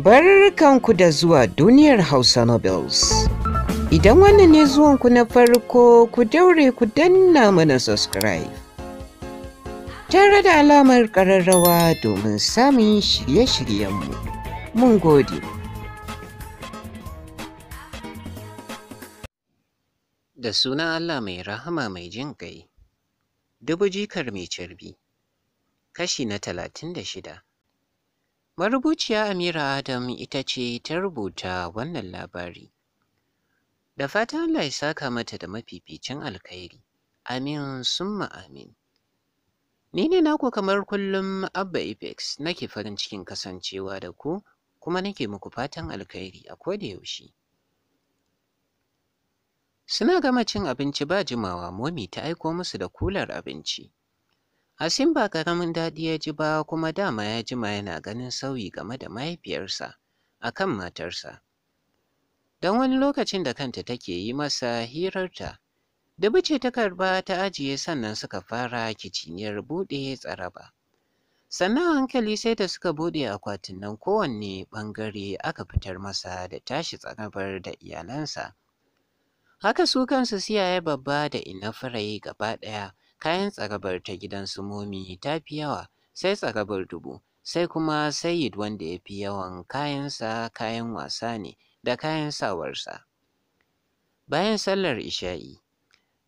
Barkanku da zuwa duniyar Hausa Nobles. Idan wannan ne zuwanku na farko ku daure ku danna mana subscribe. Tare da alamar ƙararrawa domin samun shirye-shiryenmu. Mun gode. Da suna Allah mai rahama mai jin ƙai, dubu jikar mai carbi, kashi na talatin da shida. Marubuciya Amira Adam ita ce ta rubuta wannan labari. Da fatan Allah ya saka mata da mafificin alkhairi. Amin summa amin. Ni ne naku kamar kullum Abba Apex nake farin cikin kasancewa da ku kuma nake muku fatan alkhairi a koda yaushe. Suna gama cin abinci ba jimawa momi ta aiko musu da kular abinci. Asim ba ƙaramin daɗi ya ji ba kuma dama ya jima yana ganin sauyi game da mahaifiyarsa a kan matarsa. Don wani lokacin da kanta take yi masa hirarta, Dubu ce ta karba ta ajiye sannan suka fara kiciniyar buɗe tsaraba. Sannan hankali sai da suka buɗe akwatin nan kowanne ɓangare aka fitar masa da tashi tsarabar da iyalansa. Haka su kansu siyaye babba da ina farai gaba ɗaya kayan tsarabar ta gidan su momi ta fi yawa sai tsarabar dubu sai kuma sayid wanda ya fi yawan kayansa kayan wasa ne da kayan sawarsa bayan sallar isha'i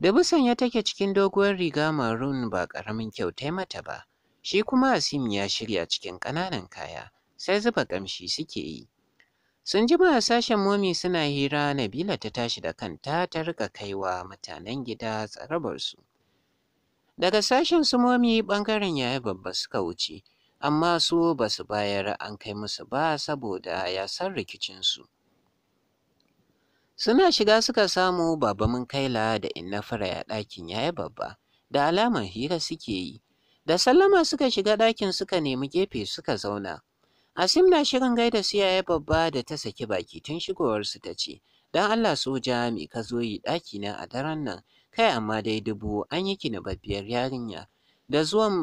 da busan ya take cikin doguwar riga marun ba ƙaramin kyautai mata ba, shi kuma Asim ya shirya cikin ƙananan kaya, sai zuba ƙamshi suke yi. Sun jima a sashen momi suna hira Nabila ta tashi da kanta ta rika kaiwa mutanen gida tsarabarsu. Daga sashen su momi ɓangaren yaya babba suka wuce, amma su ba su bayar an kai musu ba saboda ya san rikicinsu. Suna shiga suka samu Baba mun Kaila da Inna ya ɗakin yaya babba, da alamar hira suke yi. Da sallama suka shiga ɗakin suka nemi gefe suka zauna. Asim na shirin gaida su yaya babba da ta saki baki tun shigowarsu ta ce, Don Allah soja mai ka zo yi na a daren nan, Kai amma dai dubu an yi babbiyar yarinya. Da zuwan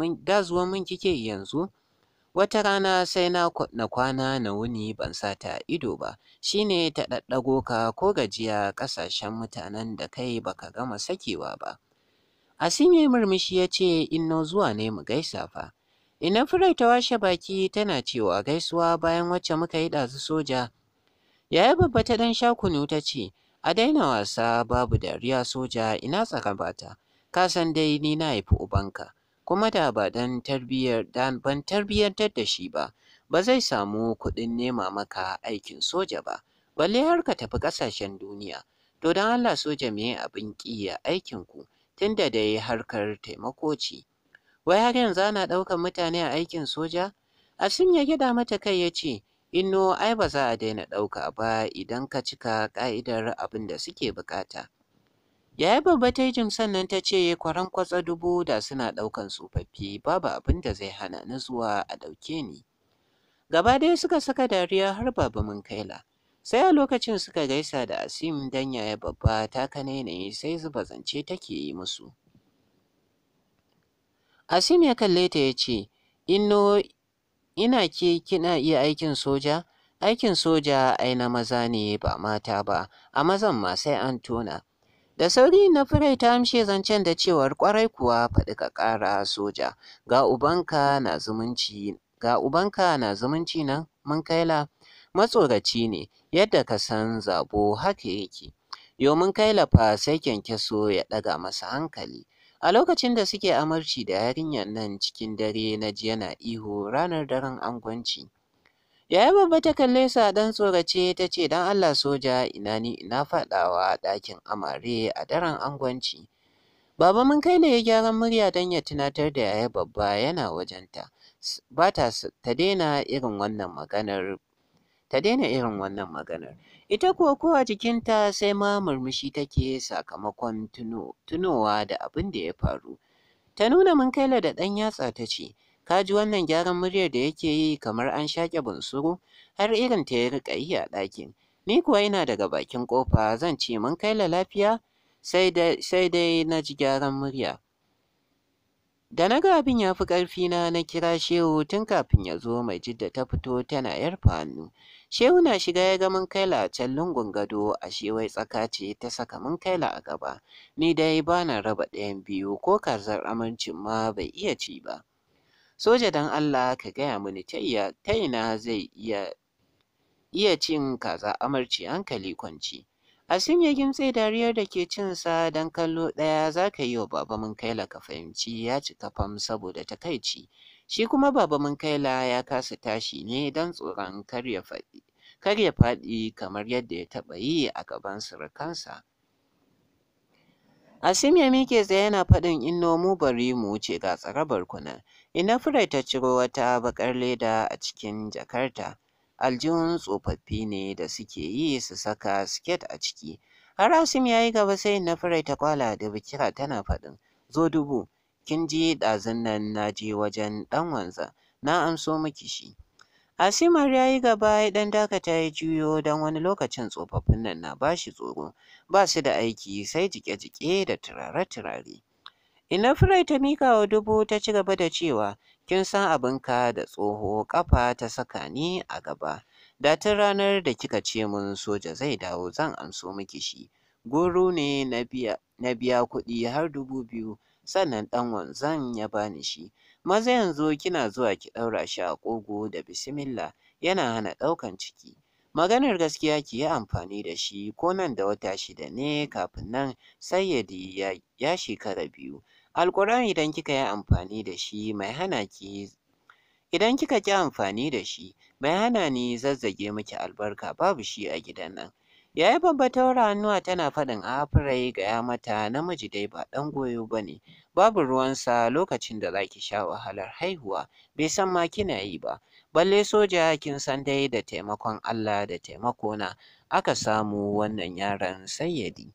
mun kike yanzu? Wata rana sai na kwana na wuni ban sa ta ido ba, shine ta ɗaɗɗago ka ko gajiya ƙasashen mutanen da kai baka gama sakewa ba. Asinye murmushi ya ce inno zuwa ne mu gaisa fa. Ina Furai ta washe baki tana cewa gaisuwa bayan wacce muka yi ɗazu soja. Yaya babba ta ɗan sha kunu ta ce, A daina wasa babu dariya soja ina tsaka bata, ka san dai ni na haifi ubanka, kuma da ba dan ban tarbiyyantar da shi ba, ba zai samu kuɗin nema maka aikin soja ba, balle har ka tafi ƙasashen duniya. To don Allah soja me abin ƙi a ku tunda dai harkar taimako ce. Wai har yanzu ana ɗaukar mutane a aikin soja? Asim ya gyaɗa mata kai ya ce, Inno ai ba za a daina ɗauka ba idan ka cika ƙa'idar abin da suke buƙata. Yaya babba ta yi sannan ta ce kwaran kwarankwaso dubu da suna ɗaukan tsofaffi babu abin da zai hana ni zuwa a ɗauke ni. Gaba ɗaya suka saka dariya har baba mun kaila. Sai a lokacin suka gaisa da Asim dan yaya babba ta kanainayi sai zuba zance take yi musu. Asim ya kalle ta ya ce, Inno ina ke kina iya aikin soja? Aikin soja ai na maza ne ba mata ba, a mazan ma sai an tona. Da sauri na fure ta amshe zancen da cewar kwarai kuwa faɗi ka ƙara soja, ga ubanka na zumunci, ga ubanka na zumunci nan mun kaila. Matsoraci ne, yadda ka san zabo haka yake. Yo mun kaila fa sai kyankyaso ya ɗaga masa hankali. A lokacin da suke amarci da yarinyar nan cikin dare na ji yana ihu ranar daren angwanci. Yaya babba ta kalle sa ɗan tsorace ta ce don Allah soja ina ni ina faɗawa ɗakin amare a daren angwanci. Baba mun kai ne ya gyaran murya don ya tunatar da yaya babba yana wajenta. Ba ta daina irin wannan maganar ta daina irin wannan maganar. Ita kuwa kowa jikinta sai ma murmushi take sakamakon tunowa da abin da ya faru. Ta nuna mun kaila da ɗan yatsa ta ce, ka ji wannan gyaran muryar da yake yi kamar an shaƙe bunsuru har irin ta ya riƙa yi a ɗakin. Ni kuwa yana daga bakin ƙofa zan ce mun kaila lafiya sai dai na ji gyaran murya. Da na ga abin ya fi ƙarfina na kira Shehu tun kafin ya zo mai jidda ta fito tana yarfa hannu. Shehu na shiga ya ga Munkaila a can lungun gado a ashe wai tsaka ce ta saka mun la a gaba. Ni dai ba na raba ɗayan biyu ko kazar amincin ma bai iya ci ba. Soja dan Allah ka gaya mini ta ina zai iya iya cin kaza amarci hankali kwanci. Asim ya gimtse dariyar da ke cinsa dan kallo ɗaya za ka yi wa baba Munkaila ka fahimci ya cika fam saboda takaici. Shi kuma Baba Kaila ya kasa tashi ne don tsoron kar ya faɗi. kamar yadda ya taɓa yi a gaban surukansa. Asim ya miƙe tsaye yana faɗin inno mu bari mu wuce ga tsarabar kuna. Ina Furai ta ciro wata baƙar leda a cikin jakarta. Aljihun tsofaffi ne da suke yi su saka siket a ciki. Har Asim ya yi gaba sai Ina Furai ta kwala da bikira tana faɗin zo dubu. kin ji ɗazun nan na je wajen ɗan wanza na amso miki shi. Asimar ya yi gaba ya ɗan dakata ya juyo don wani lokacin tsofaffin nan na ba shi tsoro, ba su da aiki sai jike-jike da turare-turare. Ina Furai ta mika wa dubu ta ci gaba da cewa, kin san abin ka da tsoho ƙafa ta saka ni a gaba, da tun ranar da kika ce mun soja zai dawo zan amso miki shi. Goro ne na biya kuɗi har dubu biyu sannan ɗan wanzan ya bani shi. Maza yanzu kina zuwa ki ɗaura shi a ƙugu da bisimilla yana hana ɗaukan ciki. Maganar gaskiya ki yi amfani da shi ko nan da wata shida ne kafin nan sai ya ya, ya shekara biyu. Alƙur'ani idan kika yi amfani da shi mai hana ki Idan kika ƙi amfani da shi, mai hana ni zazzage miki albarka babu shi a gidan nan. Yayi babba ta ware tana faɗin a gaya mata namiji dai ba ɗan goyo ba ne, babu ruwansa lokacin da za ki sha wahalar haihuwa, bai san ma kina yi ba, balle soja kin san dai da taimakon Allah da taimakona aka samu wannan yaron Sayyadi.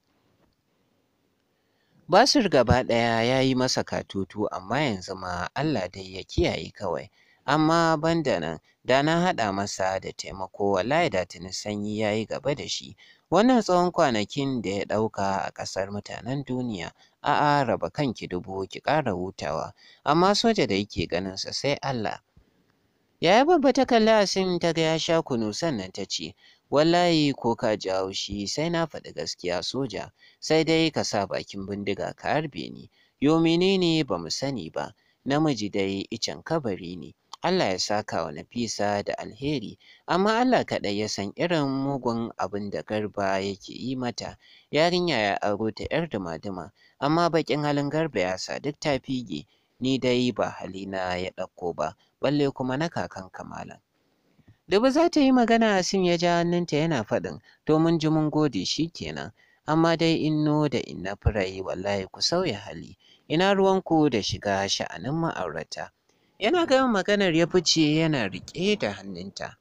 Basir gaba ɗaya ya yi masa katutu amma yanzu ma Allah dai ya kiyaye kawai, amma ban da nan da na haɗa masa da taimako wallahi da tuni sanyi ya yi gaba da shi wannan tsawon kwanakin da ya ɗauka a ƙasar mutanen duniya a'a raba kanki dubu ki ƙara hutawa amma soja da yake sa, sai Allah yaya babba ta kalli asim ta ga ya sha kunu sannan ta ce wallahi ko ka ji haushi sai na faɗi gaskiya soja sai dai ka sa bakin bindiga ka harbe ni yo menene ba mu sani ba namiji dai icen kabari ne Allah ya saka wa Nafisa da alheri, amma Allah kaɗai ya san irin mugun abin da Garba yake yi mata. Yarinya ya aro ta 'yar duma-duma, amma baƙin halin Garba ya sa duk ta fige, ni dai ba halina ya ɗauko ba, balle kuma na kakan kamalan. Dubu za ta yi magana sin ya ja hannunta yana faɗin, to mun ji mun gode shi kenan. Amma dai inno da inna furai wallahi ku sauya hali, ina ruwanku da shiga sha'anin ma'aurata. Yana gama maganar ya fice yana riƙe da hannunta.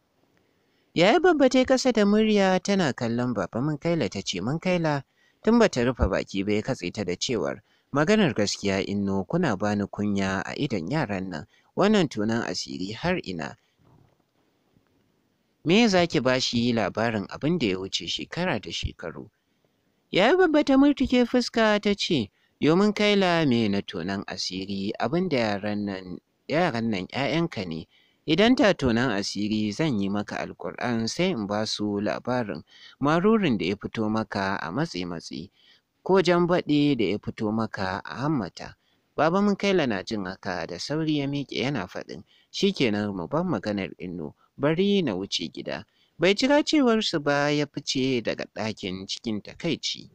Yaya babba ta kasa da murya tana kallon baba Kaila ta ce Mun kaila. tun bata rufe baki ba ya katse ta da cewar maganar gaskiya inno kuna bani kunya a idon yaran nan wannan tunan asiri har ina. Me za ki ba shi labarin abin da ya wuce shekara da shekaru? Yaya babba ta murtuke fuska ta ce, Yomin kaila me na tunan asiri abin da yaran nan yaran nan 'ya'yanka ne idan ta asiri zan yi maka alkur'an sai in ba su labarin marurin da ya fito maka a matse matsi ko jan baɗi da ya fito maka a hammata baba mikaila na jin haka da sauri ya miƙe yana faɗin Shi shikenan mu ban maganar inno bari na wuce gida bai jira cewar su ba ya fice daga ɗakin cikin takaici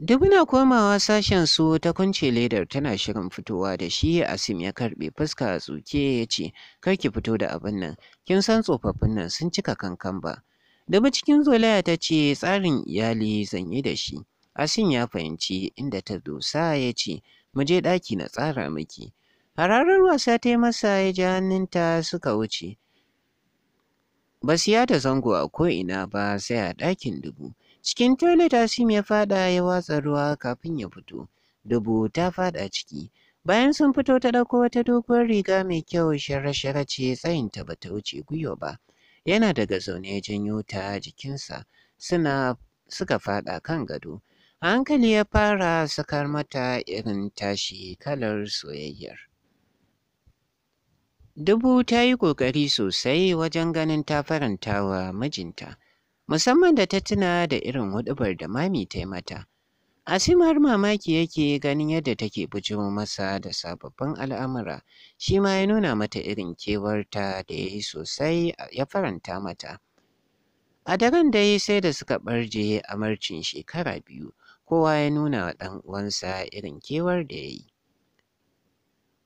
Dubuna komawa sashen su ta kunce ledar tana shirin fitowa da shi Asim ya karbe fuska a tsuke ya ce, Kar ki fito da abin nan, kin san tsofaffin nan sun cika kankan ba. Dubu cikin zolaya ta ce tsarin iyali zan yi da shi. Asim ya fahimci inda ta dosa ya ce, Mu je ɗaki na tsara miki. Hararar wasa ta yi masa ya ji hannunta suka wuce. Ba su yada zango a ko'ina ba sai a ɗakin dubu. Cikin toilet Asim ya faɗa ya watsa ruwa kafin ya fito. Dubu ta faɗa ciki. Bayan sun fito ta ɗauko wata doguwar riga mai kyau shara-shara ce tsayinta ba ta wuce gwiwa ba. Yana daga zaune ya janyo ta jikinsa. Suna suka faɗa kan gado. A hankali ya fara sakar mata irin tashi kalar soyayyar. Dubu ta yi ƙoƙari sosai wajen ganin ta faranta wa mijinta, musamman da ta tuna da irin huɗubar da mami ta yi mata. Asim har mamaki yake ganin yadda take bujo masa da sababbin al'amura, shi ma ya nuna mata irin kewarta da ya yi sosai ya faranta mata. A daren dai sai da suka ɓarje a marcin shekara biyu, kowa ya nuna wa ɗan uwansa irin kewar da ya yi.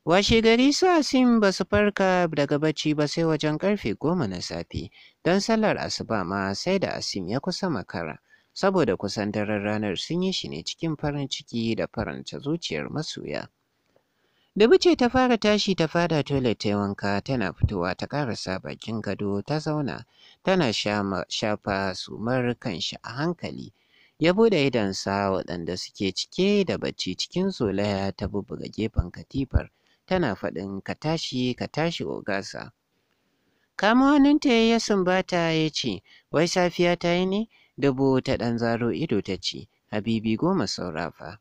Washe, gari su Asim ba su farka daga bacci ba sai wajen karfe goma na safe, don sallar asuba ma sai da Asim ya kusa makara, saboda kusan daren ranar sun yi shi ne cikin farin ciki da faranta zuciyar masoya. Dubu ce ta fara tashi ta fada toilet ta wanka tana fitowa ta karasa bakin gado ta zauna tana shafa sumar kanshi a hankali. ya bude sa waɗanda suke cike da bacci cikin zolaya ta bubbuga gefen katifar tana faɗin ka tashi ka tashi ogasa. Kama hannunta ya sumbata ya ce, wai safiya ta yi ne? Dabo ta ɗan zaro ido ta ce, Habibi goma saurafa.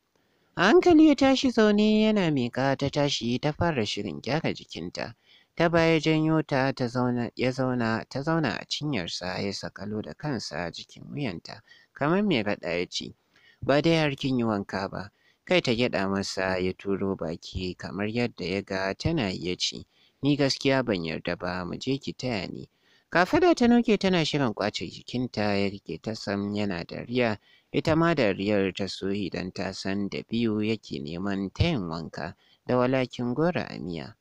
A hankali ya tashi zaune yana miƙa ta tashi ta fara shirin gyara jikinta. Ta baya janyo ta ta zauna ya zauna ta zauna a cinyarsa ya sakalo da kansa jikin wuyanta kamar mai raɗa ya ce, Ba dai har kin yi wanka ba, kai ta gyaɗa masa ya turo baki kamar yadda ya ga tana iya ci ni gaskiya ban yarda ba mu je ki taya ni kafada ta noke tana shirin ƙwace jikinta ya rike ta sam yana dariya ita ma dariyar ta so idan ta san da biyu yake neman tayin wanka da walakin gora a miya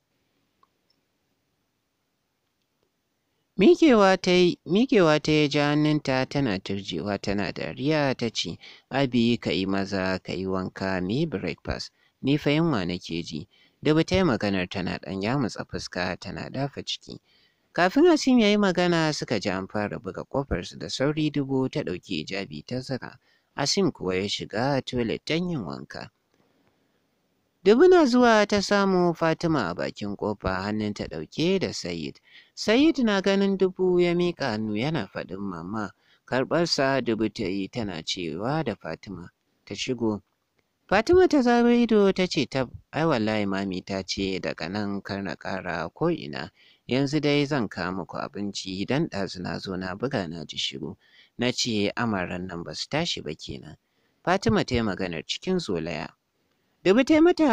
Mikewa ta yi, ja hannunta tana turjewa tana dariya ta ce, Abi ka yi maza ka yi wanka mu yi breakfast, ni fa yunwa nake ji. Dubu ta yi maganar tana ɗan yamutsa fuska tana dafa ciki. Kafin Asim ya yi magana suka ji an fara buga ƙofarsu da sauri dubu ta ɗauki hijabi ta zara Asim kuwa ya shiga toilet don yin wanka. na zuwa ta samu Fatima a bakin ƙofa ta ɗauke da Sayid. Sayid na ganin Dubu ya miƙa hannu yana faɗin mama. Karɓarsa Dubu ta yi tana cewa da Fatima ta shigo. Fatima ta zaro ido ta ce ta ai wallahi mami ta ce daga nan kar na ƙara ko ina. Yanzu dai zan kawo muku abinci dan ɗazu na zo na buga na ji shiru. Na ce amaran nan ba su tashi ba kenan. Fatima ta yi maganar cikin zolaya. da ta mata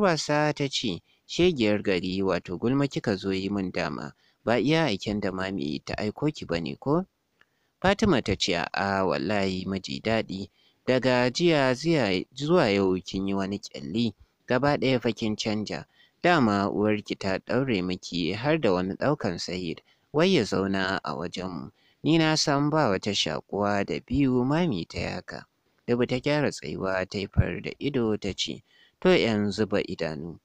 wasa ta ce, Shegiyar gari wato gulma kika zo yi min dama, ba iya aiken da mami ta aiko ki ba ne, ko? Fatima ta ce, A'a wallahi maji daɗi, daga jiya zuwa yau kin yi wani ƙyalli, gaba ɗaya fakin canja. Dama uwarki ta ɗaure miki har da wani ɗaukan sayid, wai ya zauna a wajenmu. Ni na san ba wata shakuwa da biyu mami ta yaka. Dubu ta gyara tsayuwa ta yi far da ido ta ce, To yan zuba idanu.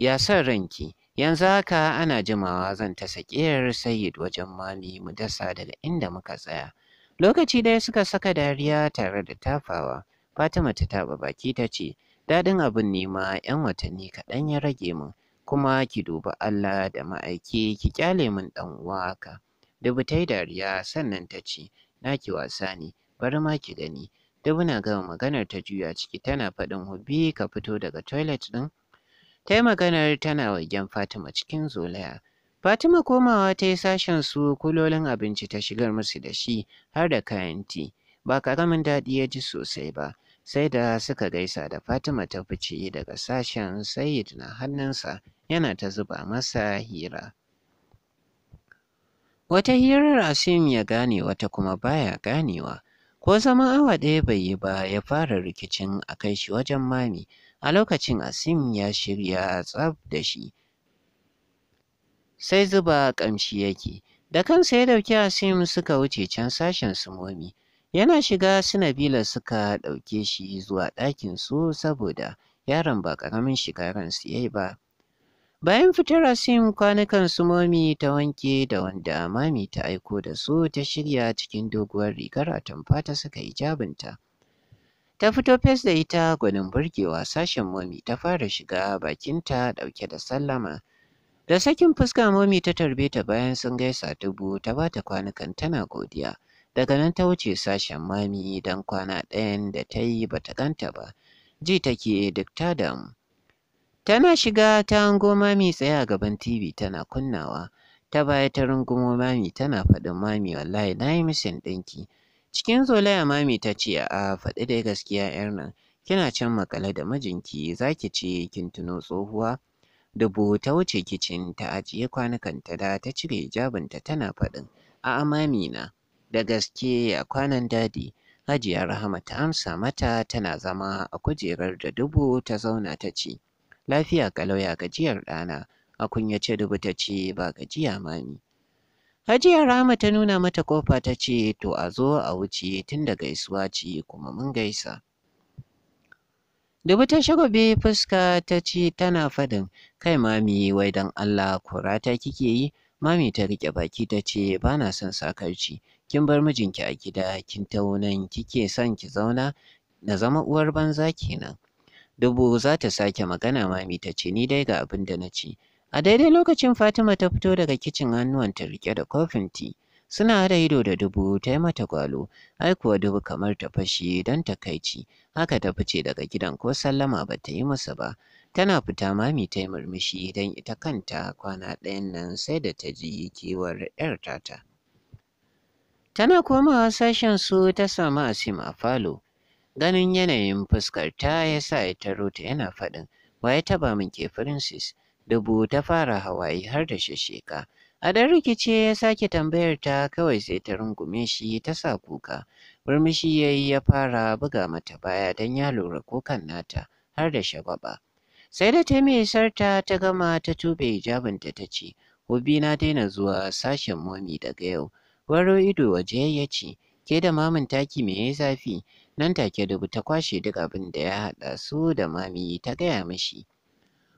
Ya san ranki, yanzu haka ana jimawa zan ta sakiyar sayid wajen mami mu dasa daga inda muka tsaya. Lokaci dai suka saka dariya tare da tafawa. Fatima ta taɓa baki ta ce, Daɗin abin nema 'yan watanni kaɗan ya rage min, kuma ki duba Allah da ma'aiki ki kyale min ɗan uwa haka. Dubu ta yi dariya sannan ta ce, Naki wasa ne, bari ma ki gani duk muna gama maganar ta juya ciki tana faɗin hobi ka fito daga toilet ɗin ta maganar tana waigen fatima cikin zolaya fatima komawa ta yi sashen su kulolin abinci ta shigar musu da shi har da kayan ti ba karamin daɗi ya ji sosai ba sai da suka gaisa da fatima ta fice daga sashen sayid na hannunsa yana ta zuba masa hira wata hirar asim ya gane wata kuma baya ganewa Ko zaman awa ɗaya bai yi ba ya fara rikicin a kai shi wajen Mami. A lokacin Asim ya shirya tsaf da shi. Sai zuba ƙamshi yake. Da kansa ya ɗauki Asim suka wuce can sashen su Momi. Yana shiga su Nabila suka ɗauke shi zuwa ɗakin su saboda yaron ba ƙaramin shiga ransu ya yi ba. Bayan fitar Asim kwanukan su momi ta wanke da wanda mami ta aiko da su ta shirya cikin doguwar rigar atamfa ta saka hijabinta. Ta fito fes da ita gwanin burgewa sashen momi ta fara shiga bakinta ɗauke da sallama. Da sakin fuska momi ta tarbe ta bayan sun gaisa dubu ta bata kwanukan tana godiya. Daga nan ta wuce sashen mami don kwana ɗayan da ta yi bata ganta ba. Ji take duk ta damu. Tana shiga ta hango Mami tsaye a gaban TV tana kunnawa. Ta baya ta rungumo Mami tana faɗin Mami wallahi na yi misin ɗinki. Cikin zolaya Mami ta ce a'a faɗi dai gaskiya 'yar nan. Kina can maƙale da mijinki zaki ki ce kin tuno tsohuwa. Dubu ta wuce kicin ta ajiye kwanukanta da ta cire hijabinta tana faɗin a'a Mami na. Da gaske a kwanan dadi. Hajiya Rahama ta amsa mata tana zama a kujerar da dubu ta zauna ta ce. Lafiya kalau ya gajiyar ɗana. a kunyace ce rubuta ce ba gajiya mami. Hajiya Rahama ta nuna mata kofa ta ce to a zo a wuce tun da gaisuwa ce kuma mun gaisa. Dubu ta shagobe fuska ta ce tana faɗin, kai mami wai don Allah kurata kike yi mami ta rike baki ta ce ba na son sakarci kin bar mijinki a gida kin taunan kike son ki zauna na zama uwar banza kenan. Dubu za ta sake magana mami ta ce ni dai ga abin da na ci. A daidai lokacin Fatima ta fito daga kicin hannuwan ta rike da kofin ti. Suna haɗa ido da dubu ta yi mata gwalo, ai kuwa dubu kamar ta fashe don ta kai ci, haka ta fice daga gidan ko sallama ba ta yi masa ba. Tana fita mami ta yi murmushi don ita kanta kwana ɗayan nan sai da ta ji kewar 'yar tata. Tana komawa sashen su ta samu Asim a falo. Ganin yanayin fuskar ta ya sa ya taro ta yana faɗin, wa ya taɓa min ke Francis? Dubu ta fara hawaye har da shesheka A dan rikice ya sake tambayar ta kawai sai ta rungume shi ta sa kuka. Murmushi ya yi ya fara buga mata baya don ya lura kukan nata har da shababa Sai da ta mai sarta ta gama ta tube hijabinta ta ce, Hobi na daina zuwa sashen momi daga yau. Waro ido waje ya ce, Ke da mamin taki me zafi? Nan take dubu ta kwashe duk abin da ya haɗa su da mami ta gaya mishi.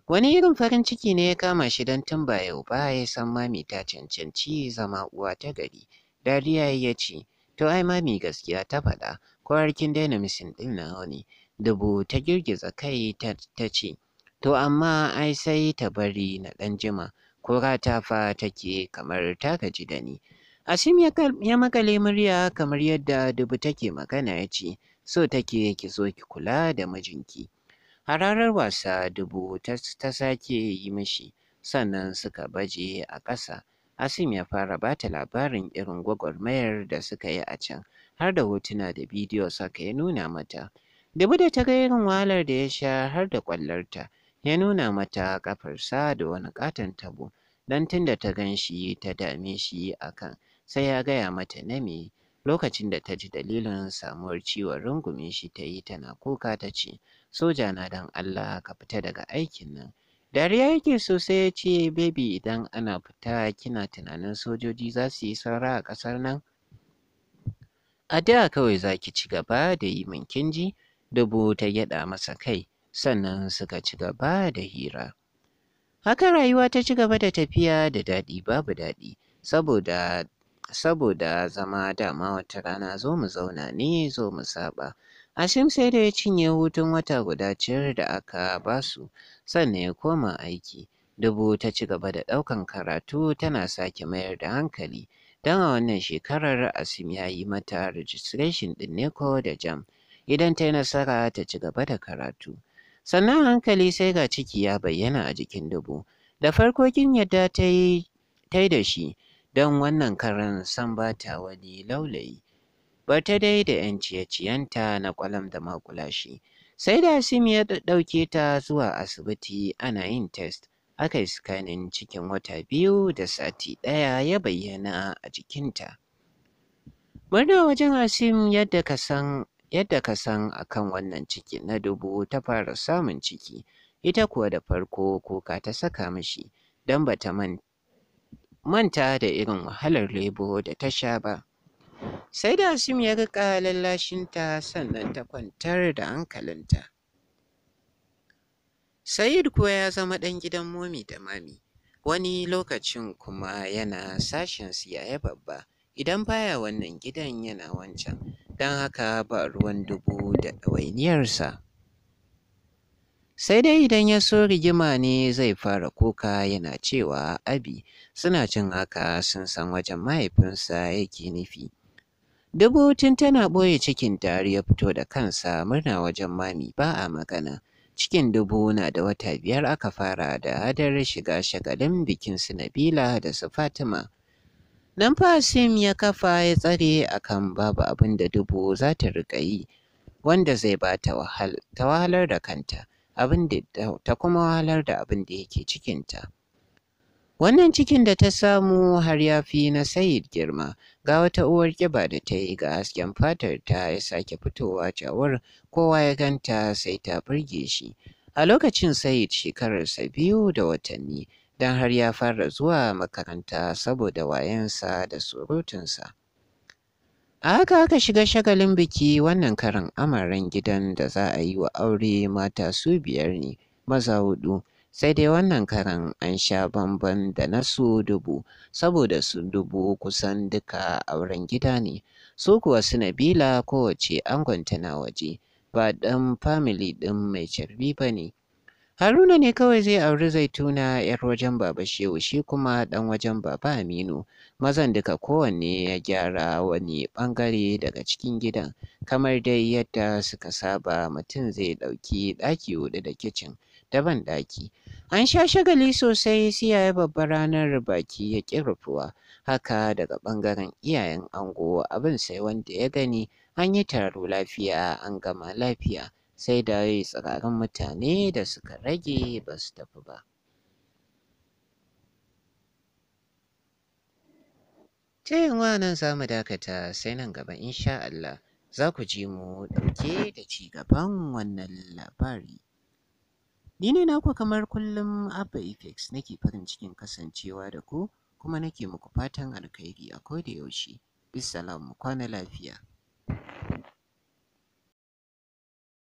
Wani irin farin ciki ne ya kama shi don tun ba yau ba ya san mami ta cancanci zama uwa ta gari. Dariya ya ce, To ai mami gaskiya ta faɗa, ko harkin daina misin ɗin na ne. Dubu ta girgiza kai ta ce, To amma ai sai ta bari na ɗan jima, ko rata fa take kamar ta gaji da ni. Asim ya makale murya kamar yadda dubu take magana ya ce, so take ki zo ki kula da mijinki hararar wasa dubu ta sake yi mishi sannan suka baje a ƙasa asim ya fara bata labarin irin gwagwarmayar da suka yi a can har da hotuna da bidiyo saka ya nuna mata dubu da ta ga irin wahalar da ya sha har da kwallarta ya nuna mata ƙafarsa da wani ƙaton tabo don tun da ta gan shi ta dame shi a kan sai ya gaya mata na me lokacin da ta ji dalilin samuwar ciwon rungumin shi ta yi tana kuka ta ce soja na don Allah ka fita daga aikin nan dariya yake sosai ya ce bebi idan ana fita kina tunanin sojoji za su yi saura a ƙasar nan a da kawai za ki ci gaba da yi min kinji dubu ta gyaɗa masa kai sannan suka ci gaba da hira haka rayuwa ta ci gaba da tafiya da daɗi babu daɗi saboda saboda zama dama wata rana zo mu zauna ne zo mu saɓa Hashim sai da ya cinye hutun wata guda ciyar da aka basu sannan ya koma aiki. Dubu ta ci gaba da ɗaukan karatu tana sake mayar da hankali. Don a wannan shekarar Asim ya yi mata registration ɗin Neko da Jam. Idan ta yi nasara ta ci gaba da karatu. Sannan hankali sai ga ciki ya bayyana a jikin dubu. Da farko kin yadda ta yi da shi don wannan karan sam ba ta wani laulayi. ta dai da 'yan ciye-ciyenta na ƙwalam da maƙulashe. Sai da asim ya ɗauke ta zuwa asibiti ana yin test. Aka yi sikanin cikin wata biyu da sati ɗaya ya bayyana a jikinta. Murna wajen asim yadda ka san yadda ka akan wannan ciki na dubu ta fara samun ciki. Ita kuwa da farko kuka ta saka mishi don ba ta man manta da irin wahalar lebo da ta sha ba. Sai da Asim ya riƙa lallashinta sannan ta kwantar da hankalinta. Sayid kuwa ya zama ɗan gidan momi da mami, wani lokacin kuma yana sashen siyaya babba, idan baya wannan gidan yana wancan, don haka ba ruwan dubu da ɗawainiyarsa. sai dai idan ya so rigima ne zai fara kuka yana cewa abi suna cin haka sun san wajen mahaifinsa yake nufi dubu tun tana ɓoye cikin tari ya fito da kansa murna wajen mami ba a magana cikin dubu na da wata biyar aka fara da hadar shiga shagalin bikin su nabila da su fatima nan ya kafa ya tsare akan babu abin da dubu za ta riƙa yi wanda zai ba ta wahalar da kanta abin da ta kuma wahalar da abin da yake cikinta. Wannan cikin da ta samu har ya fi na Sayid girma, ga wata uwar ƙiba da ta yi ga hasken fatar ta ya sake fitowa cawar kowa ya ganta sai ta burge shi. A lokacin Sayid shekararsa biyu da watanni, don har ya fara zuwa makaranta saboda wayansa da surutunsa. A haka aka shiga shagalin biki wannan karin amaren gidan da za a yi wa aure mata su biyar ne maza huɗu. Sai dai wannan karin an sha bamban da na su dubu, saboda su dubu kusan duka auren gida ne, su kuwa su Nabila kowacce angonta na waje, ba ɗan famili ɗin mai carbi ba ne. Haruna ne kawai zai auri Zaituna 'yar wajen Baba Shehu shi kuma ɗan wajen Baba Aminu. Mazan duka kowanne ya gyara wani ɓangare daga cikin gidan, kamar dai yadda suka saba mutum zai ɗauki ɗaki huɗu da kicin da banɗaki. An sha shagali sosai sai ya yi babbar ranar baki ya ƙi rufuwa. Haka daga ɓangaren iyayen ango abin sai wanda ya gani an yi taro lafiya an gama lafiya. sai da yi tsirarin mutane da suka rage ba su tafi ba. Cikin nan za mu dakata sai nan gaba in sha Allah za ku ji mu ɗauke da ci gaban wannan labari. Ni ne naku kamar kullum Abba nake farin cikin kasancewa da ku kuma nake muku fatan alkhairi a koda yaushe. Bisalamu kwana lafiya.